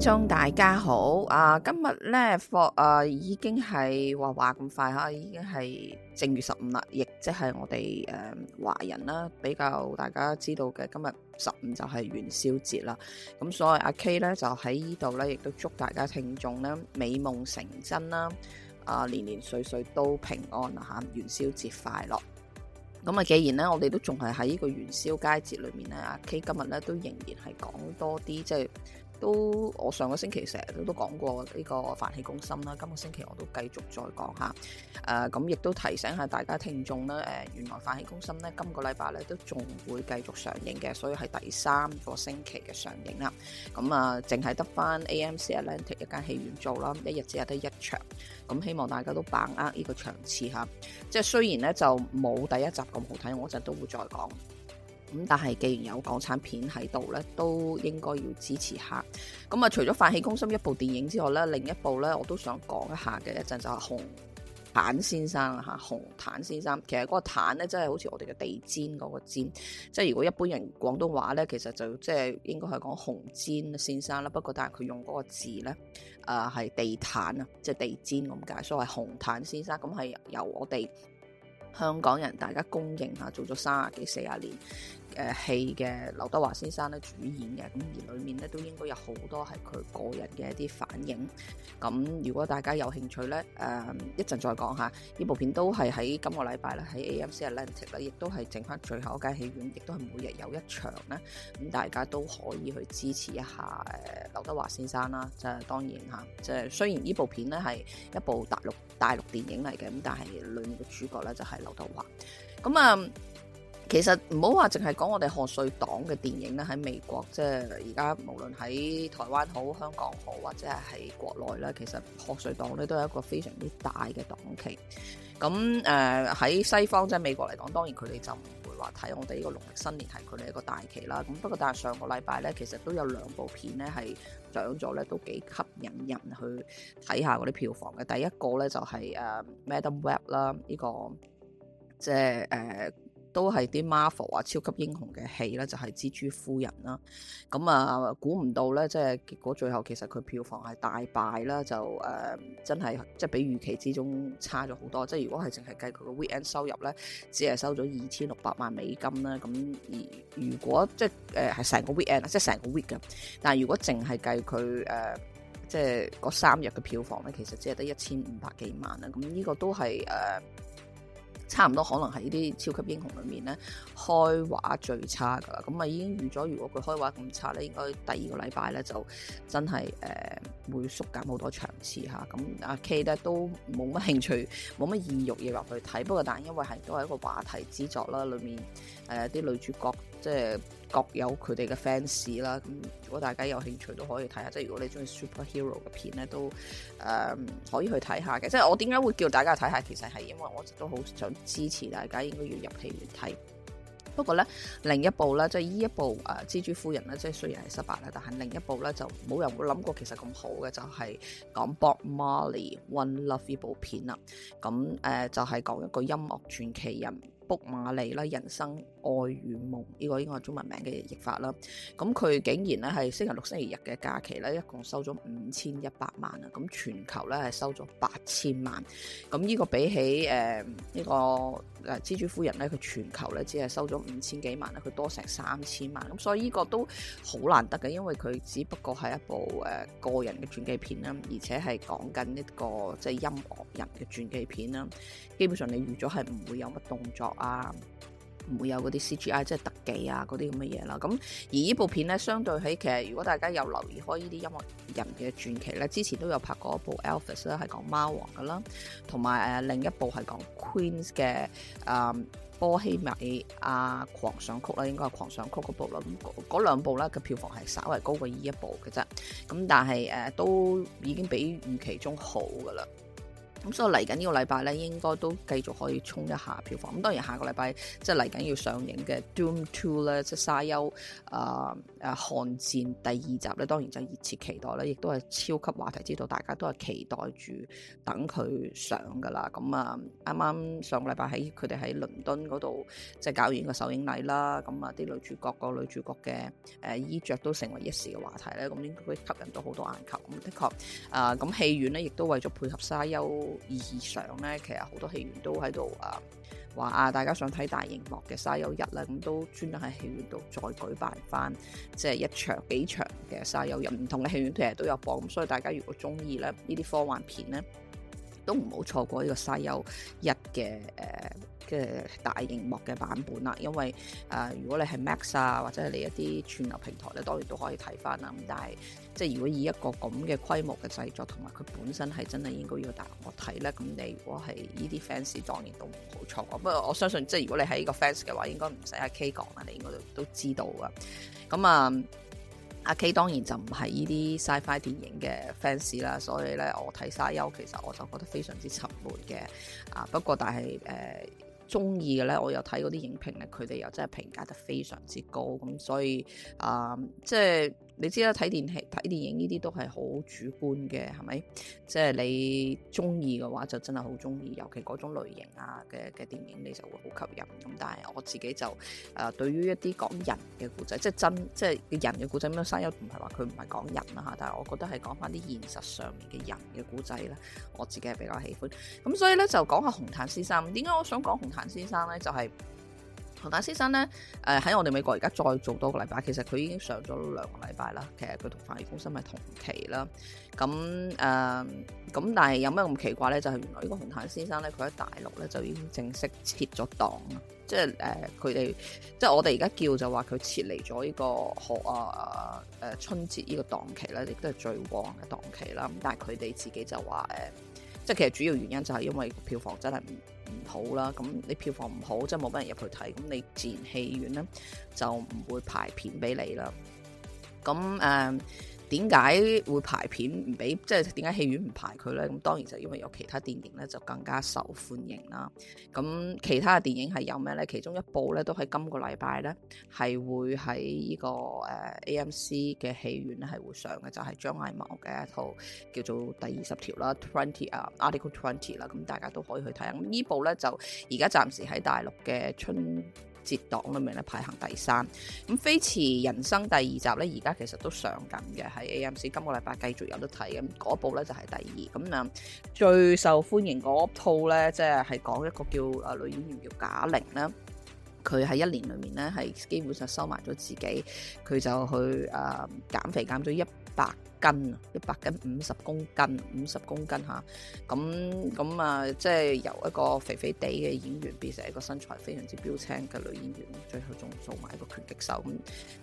聽眾大家好，啊，今日咧，放啊，已經係話話咁快吓，啊，已經係正月十五啦，亦即係我哋誒華人啦，比較大家知道嘅，今日十五就係元宵節啦。咁所以阿 K 咧就喺呢度咧，亦都祝大家聽眾咧美夢成真啦，啊，年年歲歲都平安啦吓，元宵節快樂。咁啊，既然咧，我哋都仲係喺呢個元宵佳節裏面咧，阿、啊、K 今日咧都仍然係講多啲即係。都我上個星期成日都講過呢個《飯戲攻心》啦，今個星期我都繼續再講下，誒咁亦都提醒下大家聽眾啦。誒、呃、原來飯戲攻心呢《飯戲攻心》咧今個禮拜咧都仲會繼續上映嘅，所以係第三個星期嘅上映啦。咁、嗯、啊，淨、呃、係得翻 AMC Atlantic 一間戲院做啦，一日只係得一場。咁、嗯、希望大家都把握呢個場次吓。即係雖然咧就冇第一集咁好睇，我陣都會再講。咁但係既然有港產片喺度咧，都應該要支持一下。咁啊，除咗《飯戲攻心》一部電影之外咧，另一部咧我都想講一下嘅一陣就係《紅毯先生》啦嚇，《紅毯先生》其實嗰個，個毯咧真係好似我哋嘅地氈嗰個氈，即係如果一般人廣東話咧，其實就即係應該係講紅氈先生啦。不過但係佢用嗰個字咧，誒係地毯啊，即係地氈咁解，所謂係紅毯先生咁係由我哋。香港人大家公認嚇，做咗三十幾四十年。誒戲嘅劉德華先生咧主演嘅，咁而裡面咧都應該有好多係佢個人嘅一啲反應。咁如果大家有興趣咧，誒、嗯、一陣再講下。呢部片都係喺今個禮拜咧，喺 AMC Atlantic 啦，亦都係剩翻最後一間戲院，亦都係每日有一場咧，咁大家都可以去支持一下誒劉德華先生啦。即係當然嚇，即係雖然呢部片咧係一部大陸大陸電影嚟嘅，咁但係裡面嘅主角咧就係劉德華。咁啊～、嗯其實唔好話，淨係講我哋賀歲檔嘅電影咧，喺美國即係而家，無論喺台灣好、香港好，或者係喺國內咧，其實賀歲檔咧都係一個非常之大嘅檔期。咁誒喺西方即係美國嚟講，當然佢哋就唔會話睇我哋呢個農曆新年係佢哋一個大期啦。咁不過，但係上個禮拜咧，其實都有兩部片咧係上咗咧，都幾吸引人去睇下嗰啲票房嘅。第一個咧就係、是、誒、呃、Madam Web 啦，呢、呢個即係誒。呃都係啲 Marvel 啊，超級英雄嘅戲啦，就係、是、蜘蛛夫人啦。咁啊、呃，估唔到咧，即係結果最後其實佢票房係大敗啦，就誒、呃、真係即係比預期之中差咗好多。即係如果係淨係計佢個 weekend 收入咧，只係收咗二千六百萬美金啦。咁而如果即係誒係成個 weekend 即係成個 week 咁，但係如果淨係計佢誒、呃、即係嗰三日嘅票房咧，其實只係得一千五百幾萬啦。咁呢個都係誒。呃差唔多可能係呢啲超級英雄裏面咧開畫最差噶，咁啊已經預咗，如果佢開畫咁差咧，應該第二個禮拜咧就真係誒、呃、會縮減好多場次嚇。咁、啊、阿 Kay 咧都冇乜興趣，冇乜意欲嘢入去睇。不過但因為係都係一個話題之作啦，裏面誒啲、呃、女主角即係。各有佢哋嘅 fans 啦，咁如果大家有興趣都可以睇下，即係如果你中意 superhero 嘅片咧，都誒可以去睇下嘅。即係我點解會叫大家睇下，其實係因為我都好想支持大家應該要入戲院睇。不過咧另一部咧，即係呢一部誒蜘蛛夫人咧，即係雖然係失敗咧，但係另一部咧就冇人會諗過其實咁好嘅，就係講 Bob Marley One Love 呢部片啦。咁、嗯、誒就係講一個音樂傳奇人。《卜馬利》啦，《人生愛與夢》呢個應該係中文名嘅譯法啦。咁佢竟然咧係星期六、星期日嘅假期咧，一共收咗五千一百萬啊！咁全球咧係收咗八千萬。咁呢個比起誒呢個誒蜘蛛夫人咧，佢全球咧只係收咗五千幾萬啊，佢多成三千萬。咁所以呢個都好難得嘅，因為佢只不過係一部誒個人嘅傳記片啦，而且係講緊一個即係音樂人嘅傳記片啦。基本上你預咗係唔會有乜動作。啊，唔會有嗰啲 CGI 即係特技啊，嗰啲咁嘅嘢啦。咁而呢部片咧，相對喺其實，如果大家有留意開呢啲音樂人嘅傳奇咧，之前都有拍過一部 Elvis 咧，係講貓王噶啦，同埋另一部係講 Queen 嘅啊、嗯、波希米亞狂想曲啦，應該係狂想曲嗰部啦。咁嗰兩部咧嘅票房係稍微高過呢一部嘅啫。咁但係誒、呃，都已經比預期中好噶啦。咁所以嚟緊呢個禮拜咧，應該都繼續可以衝一下票房。咁當然下個禮拜即係嚟緊要上映嘅《Doom Two》咧，即係沙丘啊！誒、呃《寒戰》第二集咧，當然就熱切期待啦。亦都係超級話題，知道大家都係期待住等佢上㗎啦。咁、嗯、啊，啱啱上個禮拜喺佢哋喺倫敦嗰度即係搞完個首映禮啦。咁、嗯、啊，啲女主角個女主角嘅誒、呃、衣着都成為一時嘅話題咧。咁應該會吸引到好多眼球。咁、嗯、的確啊，咁、呃、戲院咧亦都為咗配合沙丘。以上咧，其實好多戲院都喺度啊，話啊，大家想睇大螢幕嘅《沙丘日》啦，咁都專登喺戲院度再舉辦返，即係一場幾場嘅《沙丘日》。唔同嘅戲院其實都有播，咁所以大家如果鍾意咧，呢啲科幻片咧，都唔好錯過呢個西有一嘅誒嘅大螢幕嘅版本啦，因為誒、呃、如果你係 Max 啊，或者係你一啲串流平台咧，當然都可以睇翻啦。咁但係即係如果以一個咁嘅規模嘅製作，同埋佢本身係真係應該要這大幕睇咧，咁你如果係呢啲 fans 當然都唔好錯過。不過我相信即係如果你係呢個 fans 嘅話，應該唔使阿 K 講啊，你應該都都知道噶。咁啊～、呃阿 K 當然就唔係呢啲 sci-fi 電影嘅 fans 啦，所以咧我睇沙丘其實我就覺得非常之沉悶嘅，啊不過但係誒中意嘅咧，我又睇嗰啲影評咧，佢哋又真係評價得非常之高，咁所以啊、呃、即係。你知啦，睇電器睇電影呢啲都係好主觀嘅，係咪？即係你中意嘅話，就真係好中意，尤其嗰種類型啊嘅嘅電影，你就會好吸引。咁但係我自己就誒、呃，對於一啲講人嘅故仔，即係真，即係人嘅故仔咁樣生，又唔係話佢唔係講人啦嚇。但係我覺得係講翻啲現實上面嘅人嘅故仔咧，我自己係比較喜歡。咁所以咧就講下紅毯先生，點解我想講紅毯先生咧？就係。紅毯先生咧，誒喺我哋美國而家再做多個禮拜，其實佢已經上咗兩個禮拜啦。其實佢同飯戲攻心係同期啦。咁誒，咁、呃、但係有咩咁奇怪咧？就係、是、原來呢個紅毯先生咧，佢喺大陸咧就已經正式撤咗檔，即係誒佢哋，即係我哋而家叫就話佢撤離咗呢個學啊誒、啊、春節呢個檔期啦，亦都係最旺嘅檔期啦。咁但係佢哋自己就話誒。呃即係其實主要原因就係因為票房真係唔唔好啦，咁你票房唔好，即係冇乜人入去睇，咁你自然戲院咧就唔會排片俾你啦，咁誒。嗯點解會排片唔俾，即係點解戲院唔排佢呢？咁當然就因為有其他電影呢，就更加受歡迎啦。咁其他嘅電影係有咩呢？其中一部呢，都喺今個禮拜呢，係會喺呢個誒 AMC 嘅戲院呢係會上嘅，就係張藝謀嘅一套叫做《第二十條》啦 （Twenty 啊 Article Twenty） 啦。咁大家都可以去睇下。呢部呢，就而家暫時喺大陸嘅春截檔裏面咧排行第三，咁《飛馳人生》第二集咧，而家其實都上緊嘅，喺 AMC 今個禮拜繼續有得睇，咁嗰部咧就係、是、第二，咁啊最受歡迎嗰套咧，即係係講一個叫誒女演員叫賈玲啦，佢喺一年裏面咧係基本上收埋咗自己，佢就去誒減、呃、肥減咗一百斤一百斤五十公斤，五十公斤吓，咁咁啊，即係由一個肥肥哋嘅演員變成一個身材非常之標青嘅女演員，最後仲做埋一個拳擊手咁。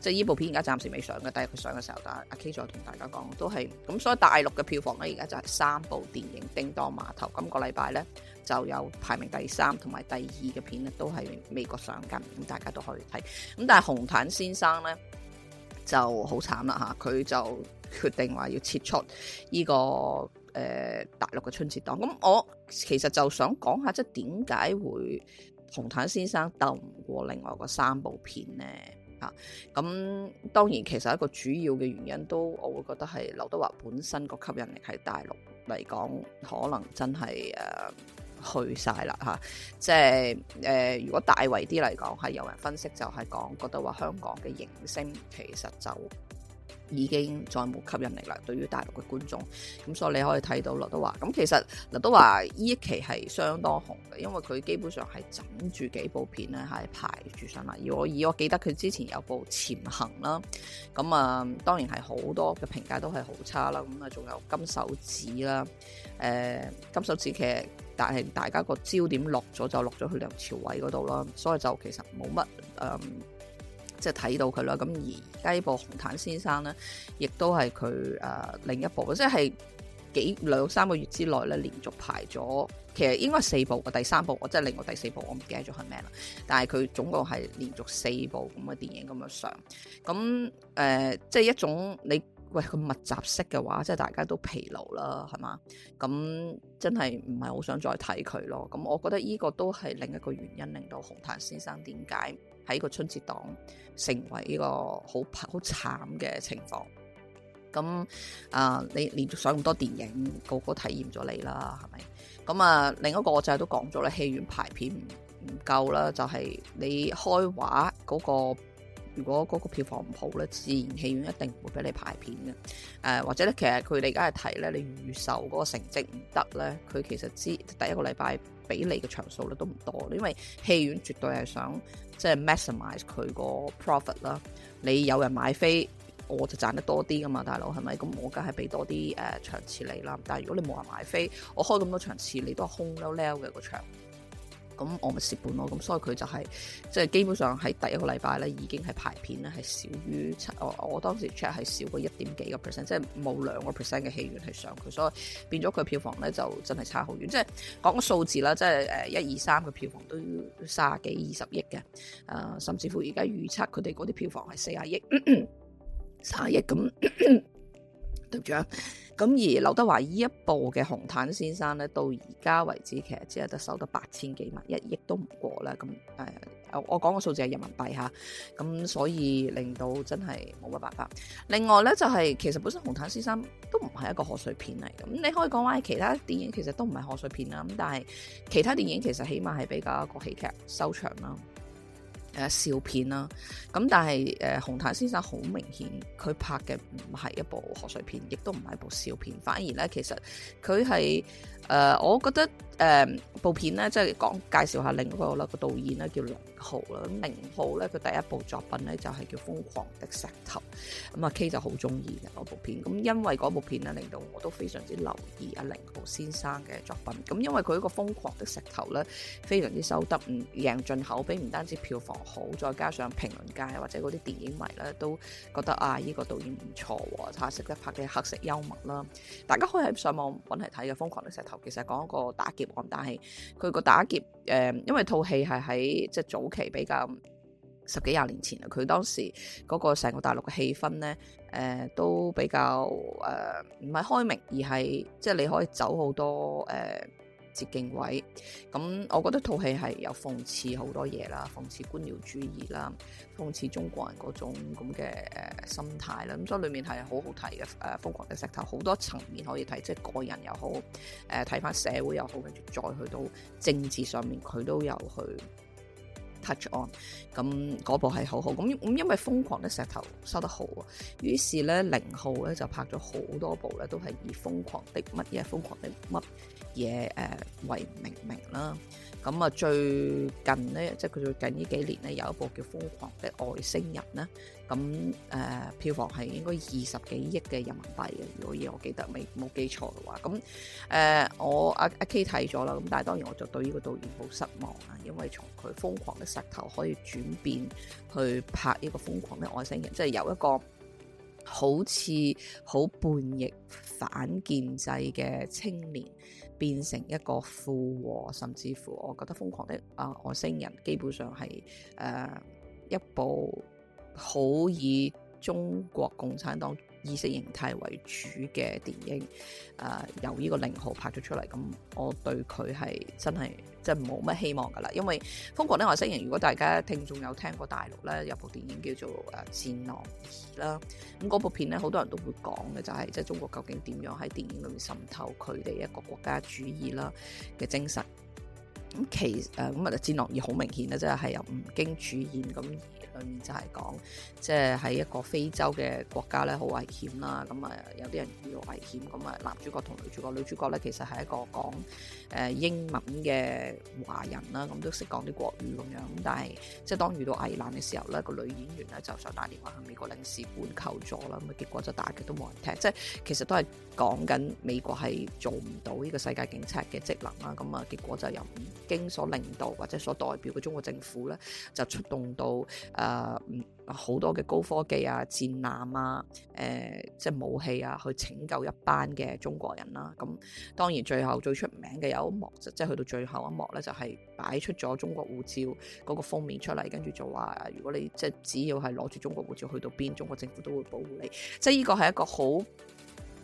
即係依部片而家暫時未上嘅，但係佢上嘅時候，阿阿 K 再同大家講都係咁。所以大陸嘅票房咧，而家就係三部電影《叮噹碼頭》。今個禮拜咧就有排名第三同埋第二嘅片咧，都係美國上緊。咁大家都可以睇。咁但係紅毯先生咧。就好慘啦嚇，佢就決定話要撤出呢個誒、呃、大陸嘅春節檔。咁我其實就想講下，即係點解會紅毯先生鬥唔過另外個三部片呢？啊，咁當然其實一個主要嘅原因都，我會覺得係劉德華本身個吸引力喺大陸嚟講，可能真係誒。呃去晒啦嚇！即係誒、呃，如果大圍啲嚟講，係有人分析就係講，覺得話香港嘅影星其實就已經再冇吸引力啦。對於大陸嘅觀眾，咁所以你可以睇到劉德華。咁其實，劉德華呢一期係相當紅嘅，因為佢基本上係枕住幾部片咧，係排住上嚟。而我以我記得佢之前有部潛行啦，咁啊當然係好多嘅評價都係好差啦。咁啊仲有金手指啦，誒、啊、金手指其實～但係大家個焦點落咗就落咗去梁朝偉嗰度啦，所以就其實冇乜誒，即係睇到佢啦。咁而而家呢部《紅毯先生》咧，亦都係佢誒另一部，即係幾兩三個月之內咧，連續排咗，其實應該係四部。第三部我即係另外第四部我唔記得咗係咩啦，但係佢總共係連續四部咁嘅電影咁樣上，咁誒、呃、即係一種你。喂，個密集式嘅話，即係大家都疲勞啦，係嘛？咁真係唔係好想再睇佢咯？咁我覺得呢個都係另一個原因，令到紅毯先生點解喺個春節檔成為呢個好好慘嘅情況。咁啊、呃，你連續上咁多電影，個個體驗咗你啦，係咪？咁啊，另一個我就係都講咗啦，戲院排片唔夠啦，就係、係、你開畫嗰、嗰個。如果嗰個票房唔好咧，自然戲院一定唔會俾你排片嘅。誒、呃、或者咧，其實佢哋而家係提咧，你預售嗰個成績唔得咧，佢其實知第一個禮拜俾你嘅場數咧都唔多，因為戲院絕對係想即係 maximize 佢個 profit 啦。你有人買飛，我就賺得多啲㗎嘛，大佬係咪？咁我梗係俾多啲誒、呃、場次你啦。但係如果你冇人買飛，我開咁多場次，你都係空溜溜嘅個場。咁我咪蝕本咯，咁所以佢就係即係基本上係第一個禮拜咧，已經係排片咧係少於七，我我當時 check 係少過一點幾個 percent，即係冇兩個 percent 嘅戲院係上佢，所以變咗佢票房咧就真係差好遠。即係講個數字啦，即係誒一二三嘅票房都要卅幾二十億嘅，誒、呃、甚至乎而家預測佢哋嗰啲票房係四啊億、卅、嗯、億咁、嗯，對唔住啊！咁而劉德華呢一部嘅《紅毯先生》咧，到而家為止其實只係得收得八千幾萬，一億都唔過啦。咁、呃、我講個數字係人民幣下，咁所以令到真係冇乜辦法。另外咧，就係、是、其實本身《紅毯先生》都唔係一個賀歲片嚟。咁你可以講話其他電影其實都唔係賀歲片啦。咁但係其他電影其實起碼係比較一個喜劇收場啦。誒笑片啦，咁但係誒紅毯先生好明顯，佢拍嘅唔係一部賀歲片，亦都唔係一部笑片，反而咧其實佢係。誒、呃，我覺得誒、呃、部片咧，即係講介紹下另外一個啦，個導演咧叫寧浩啦。咁寧浩咧，佢第一部作品咧就係、是、叫《瘋狂的石頭》。咁、嗯、阿 K 就好中意嘅部片，咁、嗯、因為嗰部片咧令到我都非常之留意阿、啊、寧浩先生嘅作品。咁、嗯、因為佢一、這個《瘋狂的石頭》咧，非常之收得唔贏盡口碑唔單止票房好，再加上評論界或者嗰啲電影迷咧都覺得啊，依、這個導演唔錯喎。佢識得拍嘅黑色幽默啦，大家可以喺上網揾嚟睇嘅《瘋狂的石頭》。其實講一個打劫案，但係佢個打劫誒、呃，因為套戲係喺即係早期比較十幾廿年前啦，佢當時嗰個成個大陸嘅氣氛咧，誒、呃、都比較誒唔係開明，而係即係你可以走好多誒。呃接鏡位，咁我覺得套戲係有諷刺好多嘢啦，諷刺官僚主義啦，諷刺中國人嗰種咁嘅誒心態啦，咁所以裡面係好好睇嘅誒《瘋狂嘅石頭》，好多層面可以睇，即係個人又好，誒睇返社會又好，跟住再去到政治上面，佢都有去 touch on，咁嗰部係好好，咁咁因為《瘋狂的石頭》呃、石頭收得好，於是咧寧浩咧就拍咗好多部咧，都係以《瘋狂的乜嘢》、《瘋狂的乜》。嘢誒、呃、為命名啦，咁、嗯、啊最近呢，即係佢最近呢幾年呢，有一部叫《瘋狂的外星人》啦。咁、嗯、誒、呃、票房係應該二十幾億嘅人民幣嘅。如果嘢我記得未冇記錯嘅話，咁、嗯、誒、呃、我阿阿 K 睇咗啦。咁但係當然我就對呢個導演好失望啊，因為從佢《瘋狂的石頭》可以轉變去拍呢個《瘋狂的外星人》，即係由一個好似好叛逆反建制嘅青年，變成一個富和甚至乎，我覺得瘋狂的啊外星人，基本上係、啊、一部好以中國共產黨，意識形態為主嘅電影，誒、呃、由呢個零號拍咗出嚟，咁我對佢係真係即係冇乜希望㗎啦。因為《瘋狂的外星人》，如果大家聽眾有聽過大陸咧，有部電影叫做《誒戰狼二》啦，咁嗰部片咧好多人都會講嘅就係、是，即係中國究竟點樣喺電影裏面滲透佢哋一個國家主義啦嘅精神。咁其誒咁啊，呃《戰狼二》好明顯咧，即係係由吳京主演咁。裡面就係講，即係喺一個非洲嘅國家咧，好危險啦。咁啊，有啲人遇到危險，咁啊，男主角同女主角，女主角咧其實係一個講誒英文嘅華人啦，咁都識講啲國語咁樣。咁但係，即係當遇到危難嘅時候咧，個女演員咧就想打電話向美國領事館求助啦。咁結果就打極都冇人聽，即係其實都係。講緊美國係做唔到呢個世界警察嘅職能啊。咁啊，結果就由京所領導或者所代表嘅中國政府咧，就出動到誒好、呃、多嘅高科技啊、戰艦啊、誒、呃、即係武器啊，去拯救一班嘅中國人啦、啊。咁當然最後最出名嘅有一幕，即、就、係、是、去到最後一幕咧，就係、是、擺出咗中國護照嗰個封面出嚟，跟住就話：如果你即係只要係攞住中國護照去到邊，中國政府都會保護你。即係呢個係一個好。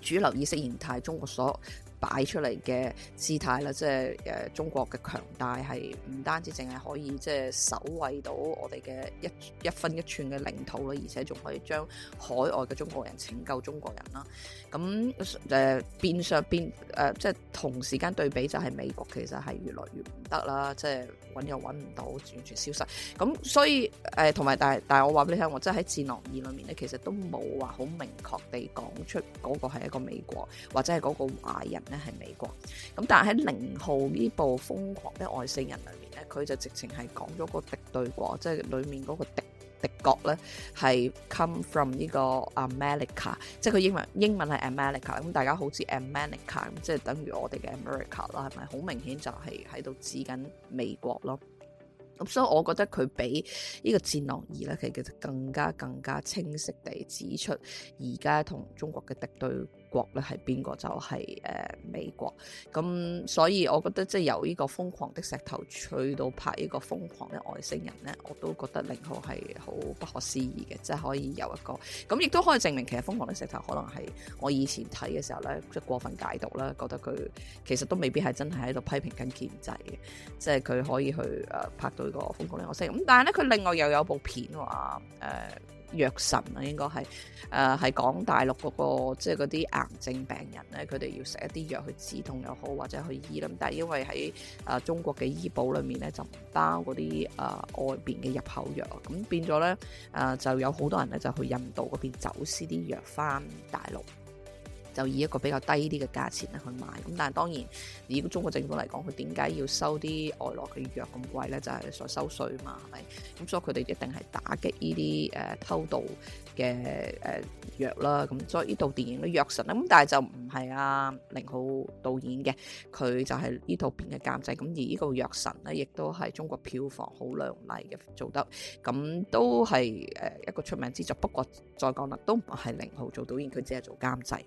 主流意識形態中國所。擺出嚟嘅姿態啦，即係誒中國嘅強大係唔單止淨係可以即係守衞到我哋嘅一一分一寸嘅領土啦，而且仲可以將海外嘅中國人拯救中國人啦。咁誒變相變誒、呃、即係同時間對比就係美國其實係越來越唔得啦，即係揾又揾唔到，完全消失。咁所以誒同埋但係但係我話俾你聽，我真係喺《戰狼二》裏面咧，其實都冇話好明確地講出嗰個係一個美國或者係嗰個壞人。咧係美國，咁但係喺零號呢部瘋狂的外星人裏面咧，佢就直情係講咗個敵對國，即係裏面嗰個敵敵國咧，係 come from 呢個 America，即係佢英文英文係 America，咁大家好似 America 咁，即係等於我哋嘅 America 啦，係咪好明顯就係喺度指緊美國咯？咁所以我覺得佢比呢個戰狼二咧，佢其實更加更加清晰地指出而家同中國嘅敵對。國咧係邊個就係、是、誒、呃、美國，咁所以我覺得即係由呢個瘋狂的石頭去到拍呢個瘋狂的外星人呢，我都覺得寧浩係好不可思議嘅，即係可以有一個咁，亦都可以證明其實瘋狂的石頭可能係我以前睇嘅時候呢，即過分解讀啦，覺得佢其實都未必係真係喺度批評緊建制嘅，即係佢可以去誒、呃、拍到呢個瘋狂的外星人。咁但係呢，佢另外又有部片話誒、說呃藥神啊，應該係誒係講大陸嗰、嗰個即係嗰啲癌症病人咧，佢哋要食一啲藥去止痛又好，或者去醫啦。咁但係因為喺誒、呃、中國嘅醫保裏面咧，就唔包嗰啲誒外邊嘅入口藥，咁變咗咧誒就有好多人咧就去印度嗰邊走私啲藥翻大陸。就以一個比較低啲嘅價錢咧去買咁，但係當然，以中國政府嚟講，佢點解要收啲外來嘅藥咁貴呢？就係、是、想收稅嘛，係咁、呃，所以佢哋一定係打擊呢啲誒偷渡嘅誒藥啦。咁所以呢套電影咧《藥神》，咁但係就唔係啊。寧浩導演嘅，佢就係呢套片嘅監製。咁而呢個《藥神》呢，亦都係中國票房好亮麗嘅做得咁，都係誒一個出名之作。不過再講啦，都唔係寧浩做導演，佢只係做監製。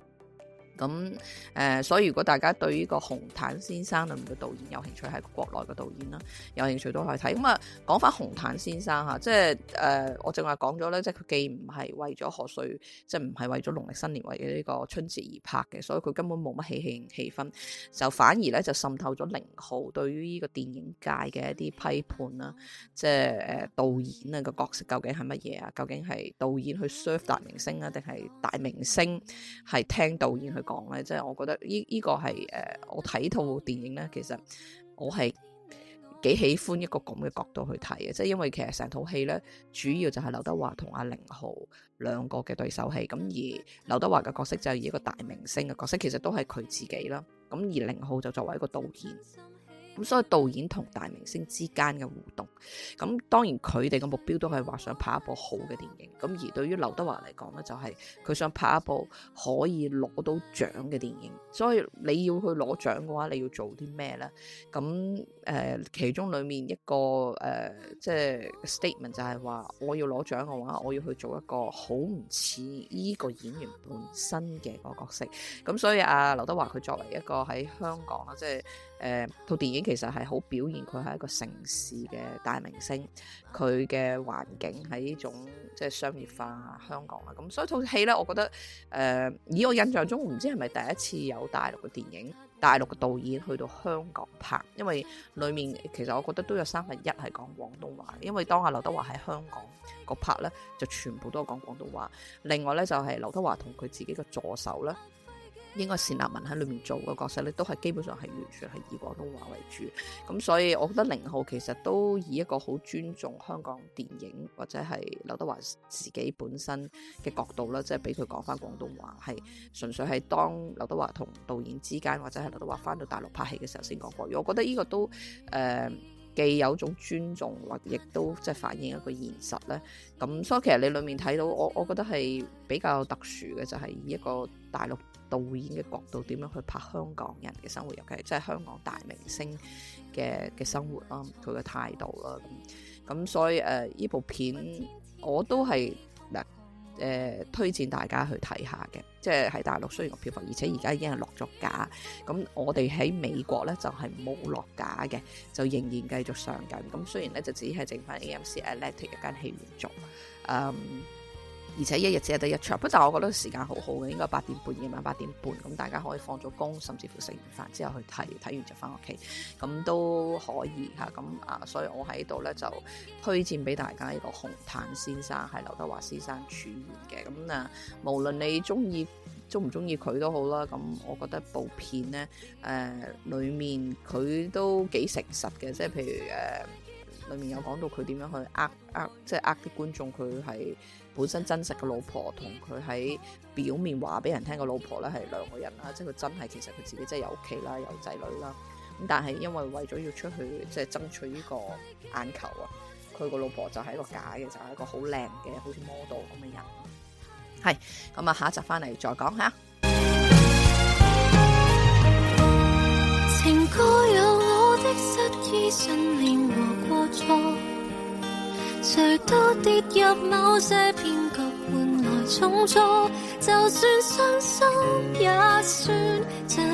咁誒、呃、所以如果大家對呢個紅毯先生裏面嘅導演有興趣，係國內嘅導演啦，有興趣都可以睇。咁、嗯、啊，講翻紅毯先生吓，即係誒、呃、我正話講咗咧，即係佢既唔係為咗賀歲，即係唔係為咗農曆新年或者呢個春節而拍嘅，所以佢根本冇乜喜慶氣氛，就反而咧就滲透咗寧浩對於呢個電影界嘅一啲批判啦，即係誒、呃、導演啊個角色究竟係乜嘢啊？究竟係導演去 serve 大明星啊，定係大明星係聽導演去？講咧，即係我覺得呢呢個係誒，我睇套電影咧，其實我係幾喜歡一個咁嘅角度去睇嘅，即係因為其實成套戲咧，主要就係劉德華同阿凌浩兩個嘅對手戲，咁而劉德華嘅角色就係以一個大明星嘅角色，其實都係佢自己啦，咁而凌浩就作為一個導演。咁所以導演同大明星之間嘅互動，咁當然佢哋嘅目標都係話想拍一部好嘅電影。咁而對於劉德華嚟講呢，就係、是、佢想拍一部可以攞到獎嘅電影。所以你要去攞獎嘅話，你要做啲咩呢？咁、呃、其中裡面一個即係 statement 就係、是、話，我要攞獎嘅話，我要去做一個好唔似依個演員本身嘅個角色。咁所以阿、啊、劉德華佢作為一個喺香港啦，即、就、係、是。誒套、嗯、電影其實係好表現佢係一個城市嘅大明星，佢嘅環境喺呢種即係商業化香港啦，咁所以套戲呢，我覺得誒、嗯、以我印象中唔知係咪第一次有大陸嘅電影、大陸嘅導演去到香港拍，因為裡面，其實我覺得都有三分一係講廣東話，因為當下劉德華喺香港個拍呢，就全部都係講廣東話，另外呢，就係劉德華同佢自己嘅助手咧。應該是單立文喺裏面做嘅角色咧，都係基本上係完全係以廣東話為主，咁所以我覺得寧浩其實都以一個好尊重香港電影或者係劉德華自己本身嘅角度啦，即係俾佢講翻廣東話，係純粹係當劉德華同導演之間或者係劉德華翻到大陸拍戲嘅時候先講國語。我覺得呢個都誒。呃既有種尊重，或亦都即係反映一個現實咧。咁所以其實你裏面睇到，我我覺得係比較特殊嘅，就係以一個大陸導演嘅角度，點樣去拍香港人嘅生活，尤其係即係香港大明星嘅嘅生活啦，佢嘅態度啦。咁咁所以誒，呃、呢部片我都係。誒、呃、推薦大家去睇下嘅，即係喺大陸雖然個票房，而且而家已經係落咗架。咁我哋喺美國咧就係冇落架嘅，就仍然繼續上緊。咁雖然咧就只係整翻 AMC Atlantic 一間戲院做，嗯。而且一日只係得一場，不過我覺得時間好好嘅，應該八點半，夜晚八點半，咁大家可以放咗工，甚至乎食完飯之後去睇，睇完就翻屋企，咁都可以吓。咁啊，所以我喺度咧就推薦俾大家呢個《紅毯先生》，係劉德華先生主演嘅。咁啊，無論你中意中唔中意佢都好啦。咁我覺得部片咧，誒、呃、裡面佢都幾誠實嘅，即係譬如誒、呃，裡面有講到佢點樣去呃呃，即係呃啲觀眾，佢係。本身真實嘅老婆同佢喺表面話俾人聽嘅老婆咧係兩個人啦，即係佢真係其實佢自己真係有屋企啦，有仔女啦。咁但係因為為咗要出去即係爭取呢個眼球啊，佢個老婆就係一個假嘅，就係、是、一個好靚嘅，好似 model 咁嘅人。係咁啊，下一集翻嚟再講吓。情歌有我的失意、信念和過錯，誰都跌入某些。重做，就算傷心，也 算。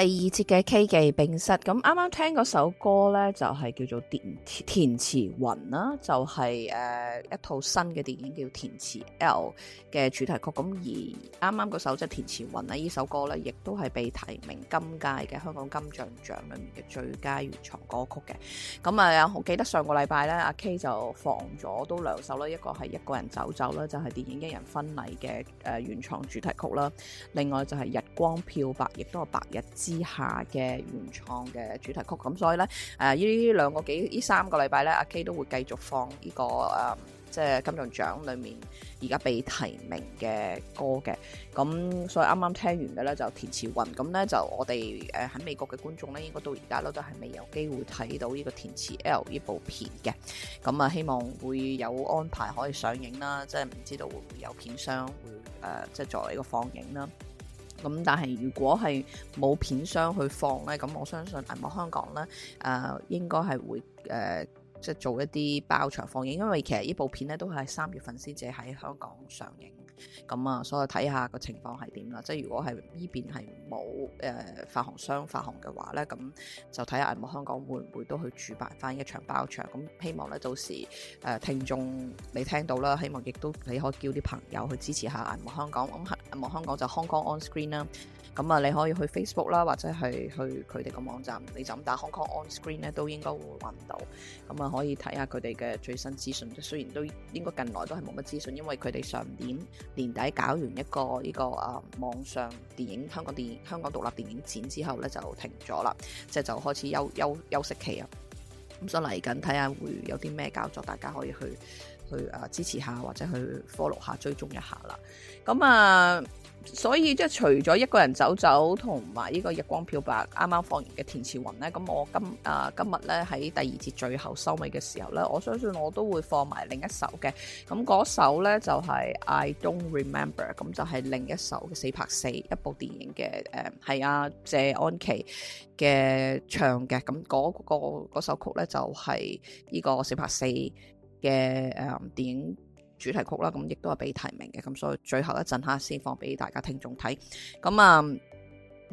第二節嘅 K 記冰室，咁啱啱聽嗰首歌呢，就係、是、叫做《填填詞雲》啦，就係、是、誒一套新嘅電影叫《填詞 L》嘅主題曲。咁而啱啱嗰首即係《填、就、詞、是、雲》啦，呢首歌呢，亦都係被提名今屆嘅香港金像獎裏面嘅最佳原創歌曲嘅。咁啊，我記得上個禮拜呢，阿 K 就放咗都兩首啦，一個係一個人走走啦，就係、是、電影一人婚禮嘅誒原創主題曲啦，另外就係、是、日光漂白，亦都係白日子。之下嘅原創嘅主題曲，咁所以呢，呢、呃、兩個幾呢三個禮拜呢，阿、啊、K 都會繼續放呢、呢個、呃、即係金像獎裏面而家被提名嘅歌嘅。咁所以啱啱聽完嘅呢，就填詞雲，咁呢，就我哋喺美國嘅觀眾呢，應該到而家都係未有機會睇到呢個填詞 L 呢部片嘅。咁啊，希望會有安排可以上映啦，即係唔知道會唔會有片商會誒、呃，即係作為一個放映啦。咁、嗯、但係如果係冇片商去放咧，咁我相信喺我香港咧，誒、呃、應該係會誒、呃、即係做一啲包場放映，因為其實呢部片咧都係三月份先至喺香港上映。咁啊，所以睇下個情況係點啦。即係如果係呢邊係冇誒發行商發行嘅話咧，咁就睇下銀幕香港會唔會都去主辦翻一場包場。咁希望咧到時誒、呃、聽眾你聽到啦，希望亦都你可以叫啲朋友去支持下銀幕香港。咁銀幕香港就 Hong Kong On Screen 啦。咁啊，你可以去 Facebook 啦，或者係去佢哋個網站，你就咁打 Hong Kong On Screen 咧，都應該會搵到。咁啊，可以睇下佢哋嘅最新資訊。雖然都應該近來都係冇乜資訊，因為佢哋上年年底搞完一個呢個啊網上電影香港電影香港獨立電影展之後咧，就停咗啦，即係就開始休休休息期啊。咁所以嚟緊睇下看看會有啲咩搞作，大家可以去去啊支持下，或者去 follow 下追蹤一下啦。咁啊～所以即係除咗一個人走走同埋呢個日光漂白，啱啱放完嘅《填詞魂》呢。咁我今啊、呃、今日呢，喺第二節最後收尾嘅時候呢，我相信我都會放埋另一首嘅，咁嗰首呢，就係、是、I Don't Remember，咁就係另一首嘅四拍四一部電影嘅誒，係、嗯、阿、啊、謝安琪嘅唱嘅，咁嗰個首曲呢，就係、是、呢個四拍四嘅誒、嗯、電影。主題曲啦，咁亦都係俾提名嘅，咁所以最後一陣嚇先放俾大家聽眾睇，咁啊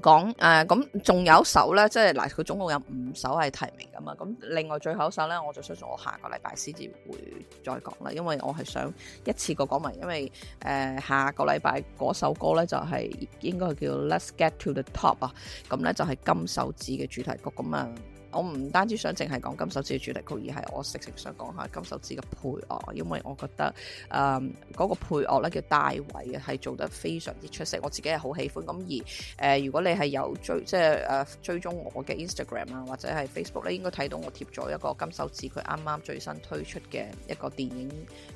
講誒，咁仲、呃、有一首呢，即係嗱，佢總共有五首係提名噶嘛，咁另外最後一首呢，我就相信我下個禮拜先至會再講啦，因為我係想一次過講埋，因為誒、呃、下個禮拜嗰首歌呢、就係，就係應該叫 Let's Get to the Top 啊，咁呢，就係金手指嘅主題曲咁啊。我唔單止想淨係講金手指嘅主題曲，而係我食食想講下金手指嘅配樂，因為我覺得誒嗰、呃那個配樂咧叫戴偉係做得非常之出色，我自己係好喜歡。咁而誒、呃，如果你係有追即係誒追蹤我嘅 Instagram 啊，或者係 Facebook 咧，應該睇到我貼咗一個金手指佢啱啱最新推出嘅一個電影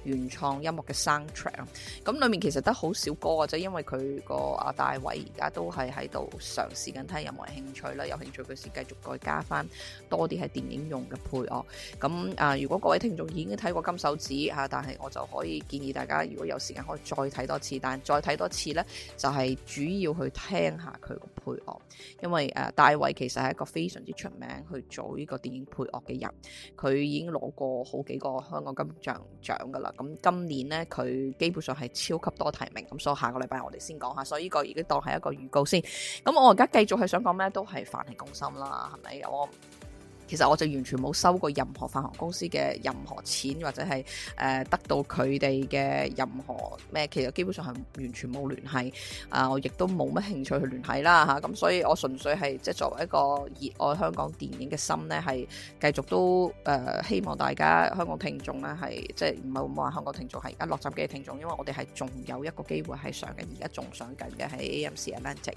原創音樂嘅 soundtrack。咁裏面其實得好少歌嘅啫，因為佢個阿戴偉而家都係喺度嘗試緊睇下有冇人興趣啦。有興趣佢先繼續再加翻。多啲係電影用嘅配樂，咁啊、呃，如果各位聽眾已經睇過金手指吓、啊，但係我就可以建議大家，如果有時間可以再睇多次，但係再睇多次呢，就係、是、主要去聽下佢個配樂，因為誒、呃，戴偉其實係一個非常之出名去做呢個電影配樂嘅人，佢已經攞過好幾個香港金像獎噶啦，咁今年呢，佢基本上係超級多提名，咁所以下個禮拜我哋先講下，所以呢個已經當係一個預告先，咁我而家繼續係想講咩都係飯戲攻心啦，係咪？我其實我就完全冇收過任何發行公司嘅任何錢，或者係誒、呃、得到佢哋嘅任何咩。其實基本上係完全冇聯繫，啊，我亦都冇乜興趣去聯繫啦嚇。咁所以我純粹係即係作為一個熱愛香港電影嘅心呢，係繼續都誒、呃、希望大家香港聽眾呢，係即係唔係話香港聽眾係而家落集嘅聽眾，因為我哋係仲有一個機會係上緊，而家仲上緊嘅喺《AMC Atlantic》，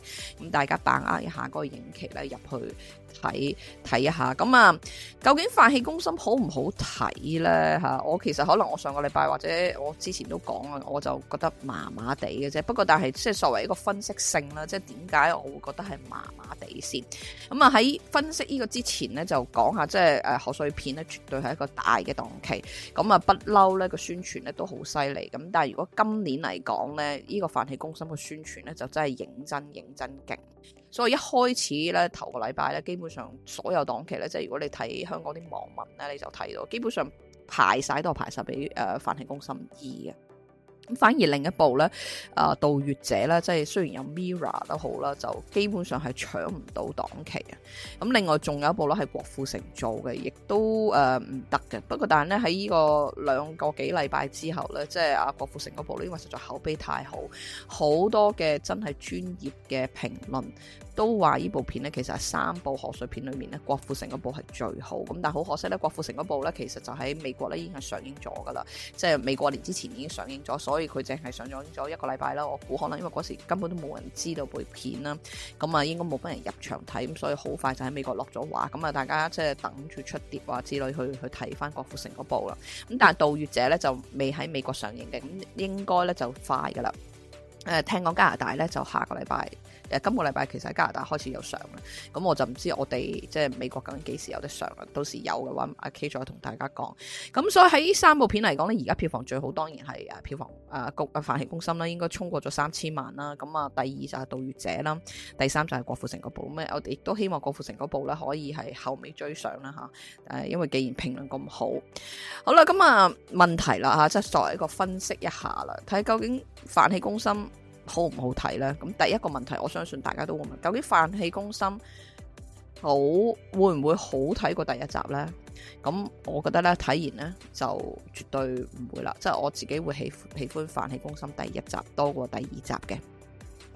咁大家把握一下嗰個影期咧入去。睇睇一下咁啊，究竟《飯戲攻心》好唔好睇呢？吓,我其實可能我上個禮拜或者我之前都講啦，我就覺得麻麻地嘅啫。不過但係即係作為一個分析性啦，即係點解我會覺得係麻麻地先。咁啊喺分析呢個之前呢，就講下即係誒賀歲片咧，絕對係一個大嘅檔期。咁啊不嬲呢個宣傳咧都好犀利。咁但係如果今年嚟講呢，呢個《飯戲攻心》嘅宣傳呢，就真係認真認真勁。所以一開始呢，頭個禮拜呢，基本上所有檔期呢，即係如果你睇香港啲網民呢，你就睇到，基本上排晒都係排晒俾誒《飯戲、呃、攻心2》嘅。咁反而另一部咧，啊，盜月者咧，即係雖然有 Mirror 都好啦，就基本上係搶唔到檔期嘅。咁另外仲有一部咧係郭富城做嘅，亦都誒唔得嘅。不過但係咧喺呢個兩個幾禮拜之後咧，即係阿郭富城嗰部咧，因為實在口碑太好，好多嘅真係專業嘅評論都話呢部片咧其實係三部賀歲片裏面咧，郭富城嗰部係最好。咁但係好可惜咧，郭富城嗰部咧其實就喺美國咧已經係上映咗㗎啦，即係未過年之前已經上映咗。所以佢淨係上咗咗一個禮拜啦，我估可能因為嗰時根本都冇人知道部片啦，咁啊應該冇乜人入場睇，咁所以好快就喺美國落咗畫，咁啊大家即係等住出碟啊之類去去睇翻郭富城嗰部啦，咁但係盜月者咧就未喺美國上映嘅，咁應該咧就快噶啦，誒聽講加拿大咧就下個禮拜。今個禮拜其實喺加拿大開始有上啦，咁我就唔知我哋即係美國究竟幾時有得上啦。到時有嘅話，阿 K 再同大家講。咁所以喺三部片嚟講呢，而家票房最好當然係誒票房誒《局、啊》誒《飯戲攻心》啦，應該衝過咗三千萬啦。咁啊，第二就係《盜月者》啦，第三就係郭富城嗰部咩？我哋亦都希望郭富城嗰部咧可以係後尾追上啦吓。誒、啊，因為既然評論咁好，好啦，咁啊問題啦吓，即係作為一個分析一下啦，睇究竟《飯戲攻心》。好唔好睇呢？咁第一個問題，我相信大家都會問，究竟《飯戲攻心》好會唔會好睇過第一集呢？咁我覺得呢，睇完呢就絕對唔會啦，即係我自己會喜喜歡《飯戲攻心》第一集多過第二集嘅。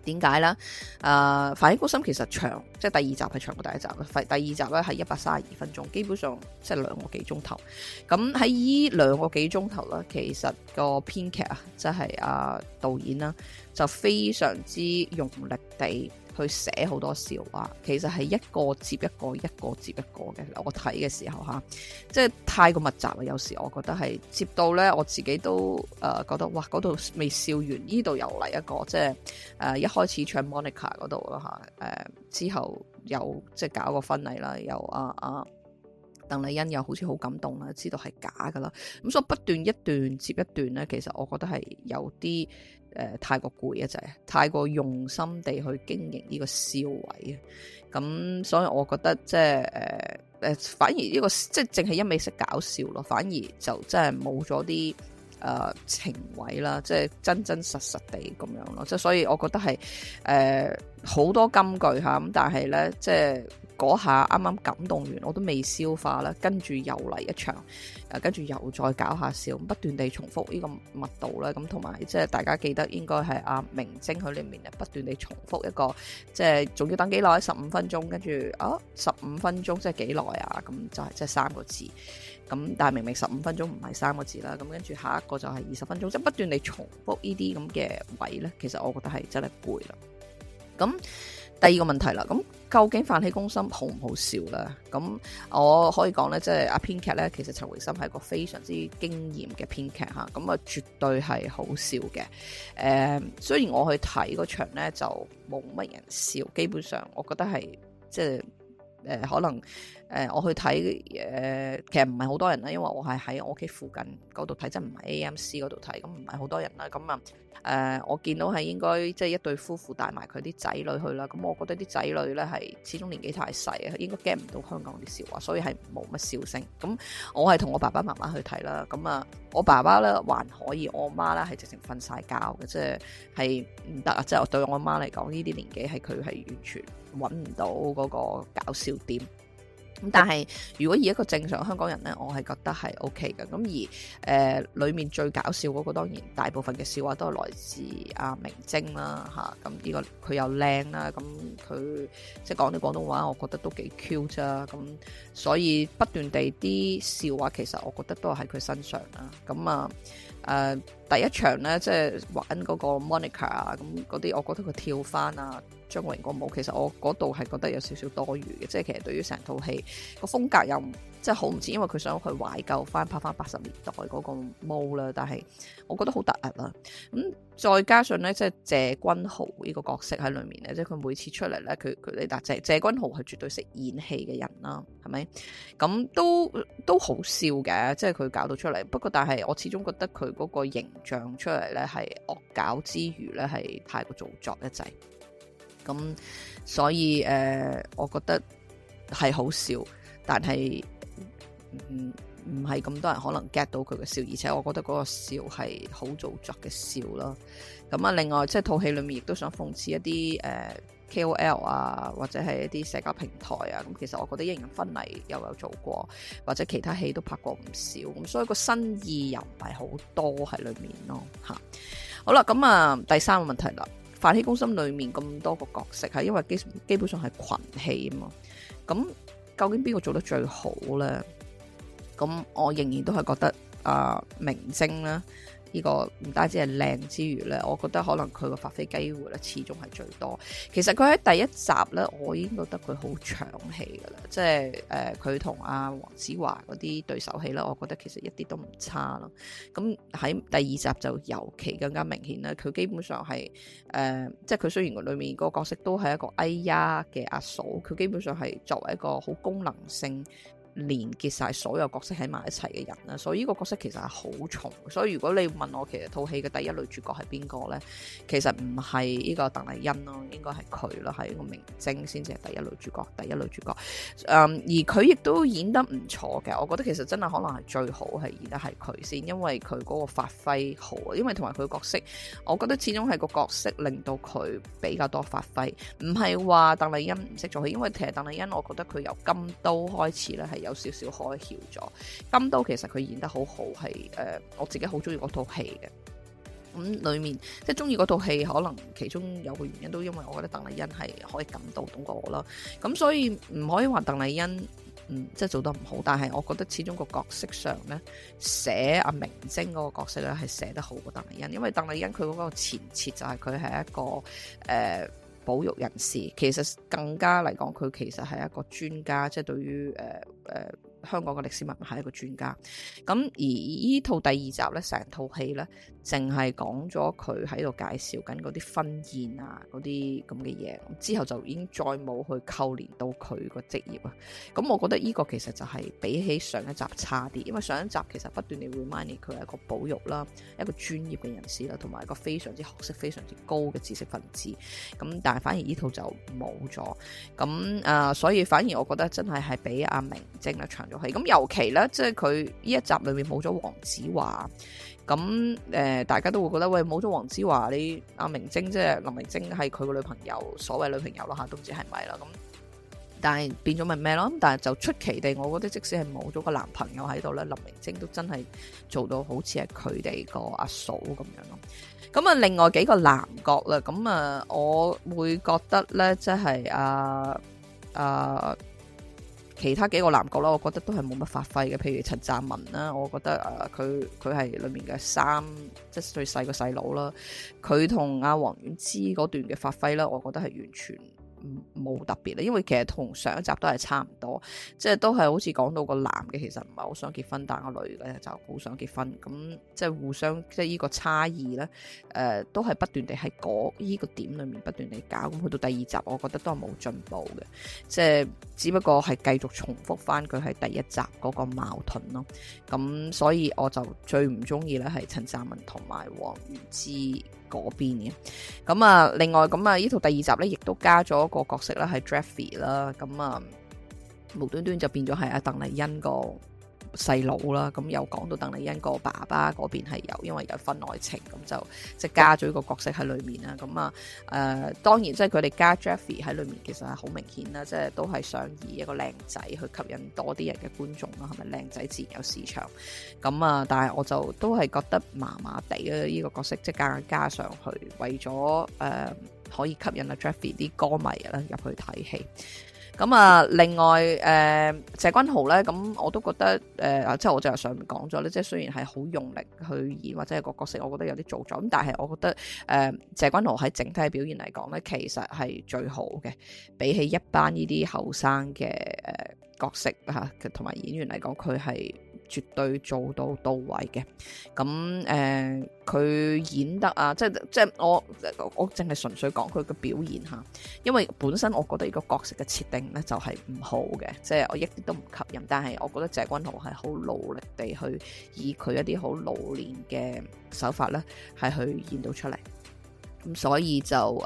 點解啦？誒、呃，《飯戲攻心》其實長，即係第二集係長過第一集啦。第二集咧係一百三十二分鐘，基本上即係兩個幾鐘頭。咁喺依兩個幾鐘頭咧，其實個編劇啊，即係啊、呃、導演啦，就非常之用力地。去寫好多笑話，其實係一個接一個，一個接一個嘅。我睇嘅時候嚇、啊，即係太過密集啦。有時我覺得係接到咧，我自己都誒、呃、覺得哇，嗰度未笑完，呢度又嚟一個，即係誒、呃、一開始唱 Monica 嗰度啦嚇，誒、啊、之後又即係搞個婚禮啦，又阿阿、啊啊、鄧麗欣又好似好感動啦，知道係假噶啦。咁所以不斷一段接一段咧，其實我覺得係有啲。誒、呃、太過攰啊！就係太過用心地去經營呢個笑位啊，咁所以我覺得即係誒誒，反而呢、呢個即係淨係一味識搞笑咯，反而就真係冇咗啲誒情位啦，即係真真實實地咁樣咯，即係所以我覺得係誒好多金句嚇咁，但係咧即係。嗰下啱啱感動完，我都未消化啦，跟住又嚟一場，誒跟住又再搞下笑，不斷地重複呢個密度啦。咁同埋即係大家記得應該係阿明晶喺裏面不斷地重複一個，即係仲要等幾耐？十五分鐘，跟住啊十五分鐘即係幾耐啊？咁就係即係三個字，咁但係明明十五分鐘唔係三個字啦，咁跟住下一個就係二十分鐘，即係不斷地重複呢啲咁嘅位呢。其實我覺得係真係攰啦，咁。第二個問題啦，咁究竟飯戲攻心好唔好笑咧？咁我可以講咧，即係阿編劇咧，其實陳慧心係個非常之經驗嘅編劇嚇，咁啊絕對係好笑嘅。誒、嗯，雖然我去睇嗰場咧就冇乜人笑，基本上我覺得係即係。就是誒、呃、可能誒、呃、我去睇誒、呃，其實唔係好多人啦，因為我係喺我屋企附近嗰度睇，即係唔係 AMC 嗰度睇，咁唔係好多人啦。咁啊誒，我見到係應該即係一對夫婦帶埋佢啲仔女去啦。咁我覺得啲仔女咧係始終年紀太細啊，應該 get 唔到香港啲笑話，所以係冇乜笑聲。咁我係同我爸爸媽媽去睇啦。咁啊，我爸爸咧還可以，我媽咧係直情瞓晒覺嘅，即係係唔得啊！即係、就是、我對我媽嚟講，呢啲年紀係佢係完全，揾唔到嗰個搞笑點咁，但係如果以一個正常香港人咧，我係覺得係 O K 嘅。咁而誒、呃，裡面最搞笑嗰個當然大部分嘅笑話都係來自阿明晶啦，嚇咁呢個佢又靚啦，咁、啊、佢即係講啲廣東話，我覺得都幾 Q 啫。咁所以不斷地啲笑話，其實我覺得都係喺佢身上啦。咁啊～呃、第一場咧，即係玩嗰個 Monica 啊，咁嗰啲我覺得佢跳翻啊張國榮個舞，其實我嗰度係覺得有少少多餘嘅，即係其實對於成套戲個風格又唔即係好唔似，因為佢想去懷舊翻拍翻八十年代嗰個模啦，但係我覺得好突兀咁。嗯再加上咧，即係謝君豪呢個角色喺裏面咧，即係佢每次出嚟咧，佢佢你嗱，謝謝君豪係絕對識演戲嘅人啦，係咪？咁都都好笑嘅，即係佢搞到出嚟。不過但係我始終覺得佢嗰個形象出嚟咧，係惡搞之餘咧，係太過做作一滯。咁所以誒、呃，我覺得係好笑，但係，嗯。嗯唔係咁多人可能 get 到佢嘅笑，而且我覺得嗰個笑係好做作嘅笑咯。咁啊，另外即係套戲裏面亦都想諷刺一啲誒 KOL 啊，或者係一啲社交平台啊。咁其實我覺得《一人婚禮》又有做過，或者其他戲都拍過唔少。咁所以個新意又唔係好多喺裏面咯。吓，好啦，咁啊，第三個問題啦，飯戲攻心裏面咁多個角色，係因為基基本上係群戲嘛。咁究竟邊個做得最好咧？咁我仍然都係覺得啊、呃，明星啦，呢、呢個唔單止係靚之餘呢，我覺得可能佢個發揮機會咧始終係最多。其實佢喺第一集呢，我已經覺得佢好長氣噶啦，即係誒佢同阿黃子華嗰啲對手戲呢，我覺得其實一啲都唔差咯。咁喺第二集就尤其更加明顯啦，佢基本上係誒、呃，即係佢雖然佢裏面個角色都係一個哎呀嘅阿嫂，佢基本上係作為一個好功能性。連結晒所有角色喺埋一齊嘅人啦，所以呢個角色其實係好重。所以如果你問我其實套戲嘅第一女主角係邊個呢？其實唔係呢個鄧麗欣咯，應該係佢啦，係一個明禎先至係第一女主角。第一女主角，嗯，而佢亦都演得唔錯嘅。我覺得其實真係可能係最好係演得係佢先，因為佢嗰個發揮好。因為同埋佢角色，我覺得始終係個角色令到佢比較多發揮，唔係話鄧麗欣唔識做戲。因為其實鄧麗欣，我覺得佢由金都開始咧係。有少少開竅咗，金刀其實佢演得好好，係誒、呃、我自己好中意嗰套戲嘅。咁裏面即係中意嗰套戲，可能其中有個原因都因為我覺得鄧麗欣係可以感到懂過我啦。咁所以唔可以話鄧麗欣嗯即係做得唔好，但係我覺得始終個角色上咧，寫阿明禎嗰個角色咧係寫得好過鄧麗欣，因為鄧麗欣佢嗰個前設就係佢係一個誒。呃保育人士其實更加嚟講，佢其實係一個專家，即係對於，呃呃香港嘅歷史文物係一個專家，咁而依套第二集呢，成套戲呢，淨係講咗佢喺度介紹緊嗰啲婚宴啊，嗰啲咁嘅嘢，之後就已經再冇去扣連到佢個職業啊。咁我覺得呢個其實就係比起上一集差啲，因為上一集其實不斷地 remind 你佢係一個保育啦，一個專業嘅人士啦，同埋一個非常之學識、非常之高嘅知識分子。咁但係反而依套就冇咗，咁誒、呃，所以反而我覺得真係係比阿明徵咧係咁，尤其咧，即係佢呢一集裏面冇咗黃子華，咁誒、呃，大家都會覺得喂，冇咗黃子華，你阿、啊、明禎即係林明禎係佢個女朋友，所謂女朋友咯吓，都唔知係咪啦。咁但係變咗咪咩咯？咁但係就出奇地，我覺得即使係冇咗個男朋友喺度咧，林明禎都真係做到好似係佢哋個阿嫂咁樣咯。咁啊，另外幾個男角啦，咁啊，我會覺得咧，即係阿阿。啊啊其他幾個男角我覺得都係冇乜發揮嘅，譬如陳湛文啦，我覺得啊，佢佢係裡面嘅三，即係最細個細佬啦，佢同阿王菀之嗰段嘅發揮呢，我覺得係完全。冇特別啦，因為其實同上一集都係差唔多，即係都係好似講到個男嘅其實唔係好想結婚，但個女嘅就好想結婚，咁即係互相即係呢個差異呢，誒、呃、都係不斷地喺嗰依個點裏面不斷地搞，咁去到第二集，我覺得都係冇進步嘅，即係只不過係繼續重複翻佢喺第一集嗰個矛盾咯，咁所以我就最唔中意呢，係陳湛文同埋王菀之。嗰邊嘅，咁啊，另外咁啊，呢套第二集咧，亦都加咗一個角色啦，係 Jeffy 啦，咁啊，無端端就變咗係阿鄧麗欣個。細佬啦，咁又講到鄧麗欣個爸爸嗰邊係有，因為有婚外情，咁就即係加咗一個角色喺裏面啦。咁啊，誒、呃、當然即係佢哋加 Jeffrey 喺裏面，其實係好明顯啦，即係都係想以一個靚仔去吸引多啲人嘅觀眾啦。係咪靚仔自然有市場？咁啊，但係我就都係覺得麻麻地啊，呢、這個角色即係加加上去，為咗誒、呃、可以吸引阿、啊、Jeffrey 啲歌迷啦入去睇戲。咁啊，另外誒、呃、謝君豪咧，咁我都覺得誒、呃，即係我就係上面講咗咧，即係雖然係好用力去演或者係個角色，我覺得有啲做作，咁但係我覺得誒、呃、謝君豪喺整體表現嚟講咧，其實係最好嘅，比起一班呢啲後生嘅角色吓同埋演員嚟講，佢係。絕對做到到位嘅，咁誒，佢，呃，演得啊，即係即係我我淨係純粹講佢嘅表現吓，因為本身我覺得呢個角色嘅設定咧就係唔好嘅，即係，我一啲都唔吸引，但係我覺得謝君豪係好努力地去以佢一啲好老練嘅手法咧，係去演到出嚟。咁所以就誒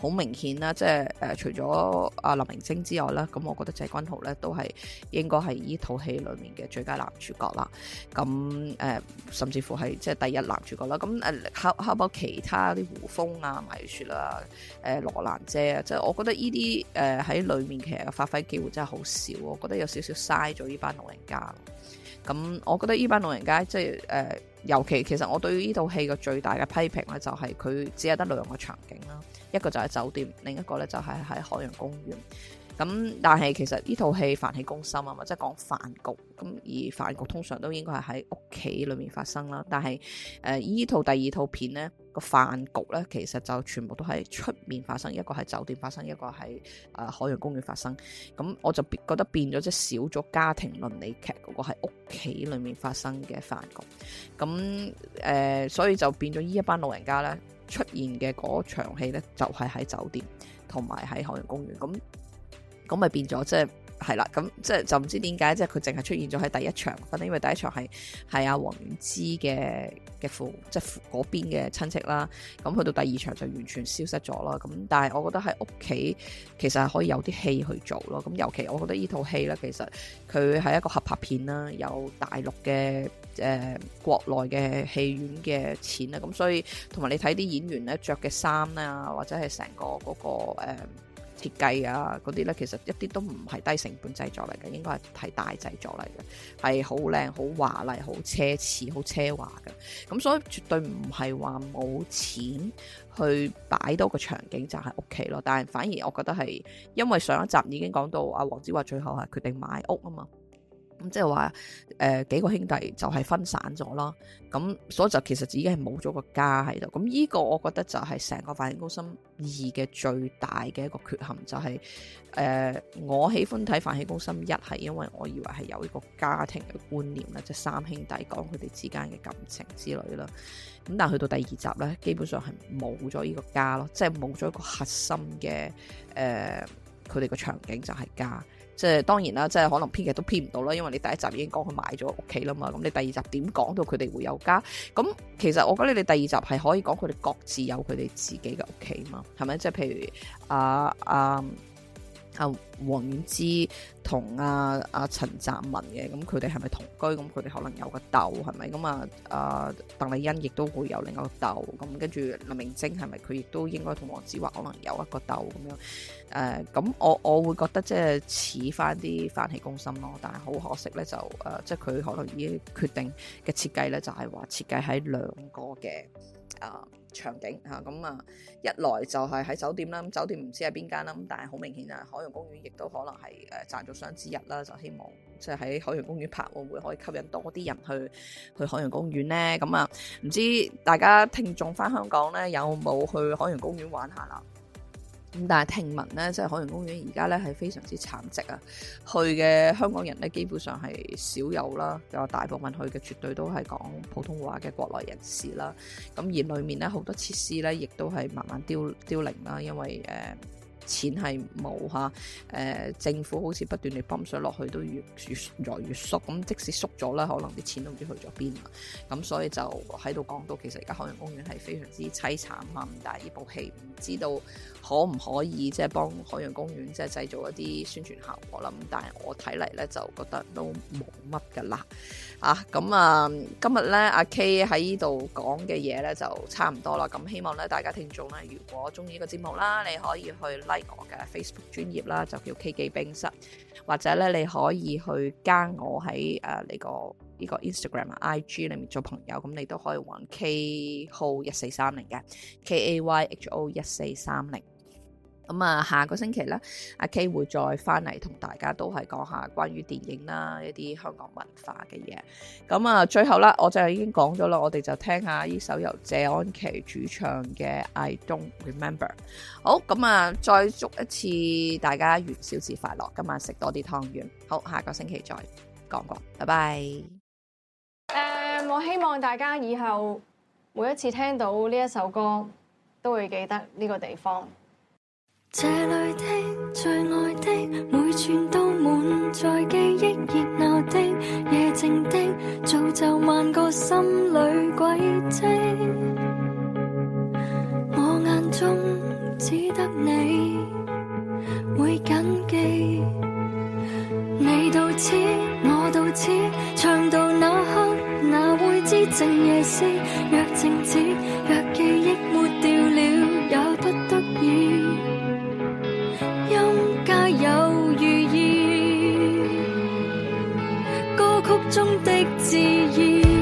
好、嗯、明顯啦，即係誒、呃、除咗阿林明昇之外啦。咁我覺得謝君豪咧都係應該係呢套戲裡面嘅最佳男主角啦。咁誒、呃、甚至乎係即係第一男主角啦。咁誒考考不其他啲胡楓啊、米雪啊、誒、呃、羅蘭姐啊，即、就、係、是、我覺得呢啲誒喺裡面其實發揮機會真係好少。我覺得有少少嘥咗呢班老人家。咁我覺得呢班老人家即係誒。呃尤其其實我對呢套戲嘅最大嘅批評呢，就係佢只有得兩個場景啦，一個就係酒店，另一個呢就係喺海洋公園。咁、嗯，但係其實呢套戲《飯戲攻心》啊，嘛即係講飯局咁，而飯局通常都應該係喺屋企裏面發生啦。但係誒，依、呃、套第二套片呢個飯局呢，其實就全部都係出面發生，一個係酒店發生，一個係誒、呃、海洋公園發生。咁、嗯、我就變覺得變咗，即係少咗家庭倫理劇嗰個係屋企裏面發生嘅飯局。咁、嗯、誒、呃，所以就變咗呢一班老人家呢出現嘅嗰場戲呢，就係、是、喺酒店同埋喺海洋公園咁。嗯。咁咪變咗，即係係啦，咁即係就唔知點解，即係佢淨係出現咗喺第一場，反正因為第一場係係阿王菀之嘅嘅父，即係嗰邊嘅親戚啦。咁去到第二場就完全消失咗咯。咁但係我覺得喺屋企其實係可以有啲戲去做咯。咁尤其我覺得呢套戲咧，其實佢係一個合拍片啦，有大陸嘅誒、呃、國內嘅戲院嘅錢啊。咁所以同埋你睇啲演員咧着嘅衫啊，或者係成個嗰、嗰個、呃設計啊，嗰啲咧其實一啲都唔係低成本製作嚟嘅，應該係係大製作嚟嘅，係好靚、好華麗、好奢侈、好奢、奢華嘅。咁所以絕對唔係話冇錢去擺多個場景就係屋企咯。但係反而我覺得係因為上一集已經講到阿黃子華最後係決定買屋啊嘛。咁即係話，誒、呃、幾個兄弟就係分散咗啦，咁所以就其實已經係冇咗個家喺度。咁呢個我覺得就係成個《飯戲攻心二》嘅最大嘅一個缺陷，就係、是、誒、呃、我喜歡睇《飯戲攻心一》，係因為我以為係有一個家庭嘅觀念啦，即、就、係、是、三兄弟講佢哋之間嘅感情之類啦。咁但係去到第二集呢，基本上係冇咗呢個家咯，即係冇咗一個核心嘅，誒，佢哋個場景就係家。即係當然啦，即係可能編劇都編唔到啦，因為你第一集已經講佢買咗屋企啦嘛，咁你第二集點講到佢哋會有家？咁其實我覺得你哋第二集係可以講佢哋各自有佢哋自己嘅屋企嘛，係咪？即係譬如啊啊。啊啊，王菀之同阿阿陳澤文嘅，咁佢哋係咪同居？咁佢哋可能有個鬥，係咪咁啊？阿鄧麗欣亦都會有另一個鬥，咁跟住林明晶係咪佢亦都應該同黃子華可能有一個鬥咁、啊、樣？誒、啊，咁我我會覺得即係似翻啲飯戲攻心咯，但係好可惜咧，就誒、啊、即係佢可能已經決定嘅設計咧，就係、是、話設計喺兩個嘅。啊，場景嚇咁啊，一來就係喺酒店啦，酒店唔知喺邊間啦，咁但係好明顯啊，海洋公園亦都可能係誒贊助商之一啦，就希望即係喺海洋公園拍會唔會可以吸引多啲人去去海洋公園呢？咁啊，唔知大家聽眾翻香港呢，有冇去海洋公園玩下啦？咁但係聽聞咧，即係海洋公園而家咧係非常之慘值啊！去嘅香港人咧，基本上係少有啦，又大部分去嘅絕對都係講普通話嘅國內人士啦。咁而裡面咧好多設施咧，亦都係慢慢凋凋零啦，因為誒錢係冇嚇，誒政府好似不斷地泵水落去，都越越來越縮。咁即使縮咗啦，可能啲錢都唔知去咗邊啦。咁所以就喺度講到，其實而家海洋公園係非常之悽慘啊！但係呢部戲唔知道。可唔可以即係幫海洋公園即係製造一啲宣傳效果啦？咁但係我睇嚟咧就覺得都冇乜噶啦，啊咁啊、嗯、今日咧阿 K 喺呢度講嘅嘢咧就差唔多啦。咁希望咧大家聽眾咧如果中意呢個節目啦，你可以去 like 我嘅 Facebook 專頁啦，就叫 K 記冰室，或者咧你可以去加我喺誒呢個呢個 Instagram IG 裏面做朋友，咁你都可以玩 K 號一四三零嘅 K A Y H O 一四三零。咁啊，下個星期咧，阿 K 會再翻嚟同大家都係講下關於電影啦，一啲香港文化嘅嘢。咁啊，最後啦，我就已經講咗啦，我哋就聽下呢首由謝安琪主唱嘅《I Don't Remember》。好，咁啊，再祝一次大家元宵節快樂，今晚食多啲湯圓。好，下個星期再講過，拜拜。嗯，我希望大家以後每一次聽到呢一首歌，都會記得呢個地方。這裏的最愛的每寸都滿載記憶，熱鬧的夜靜的，造就萬個心裏軌跡。我眼中只得你，會緊記。你到此，我到此，唱到那刻，哪會知靜夜思若靜止，若記憶抹掉了。中的記憶。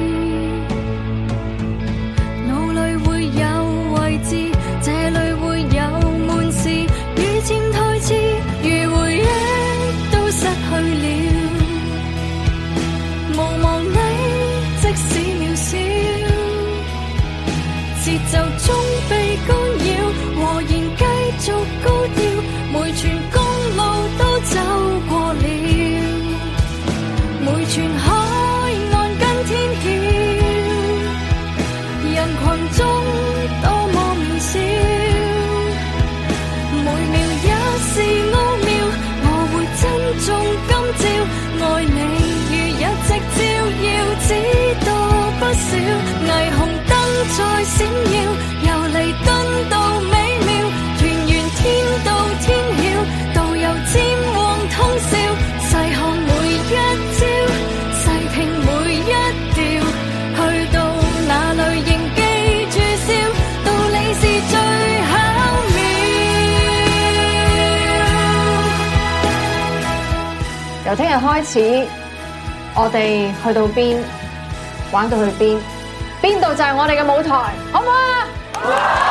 由聽日開始，我哋去到邊，玩到去邊，邊度就係我哋嘅舞台，好唔好啊？好。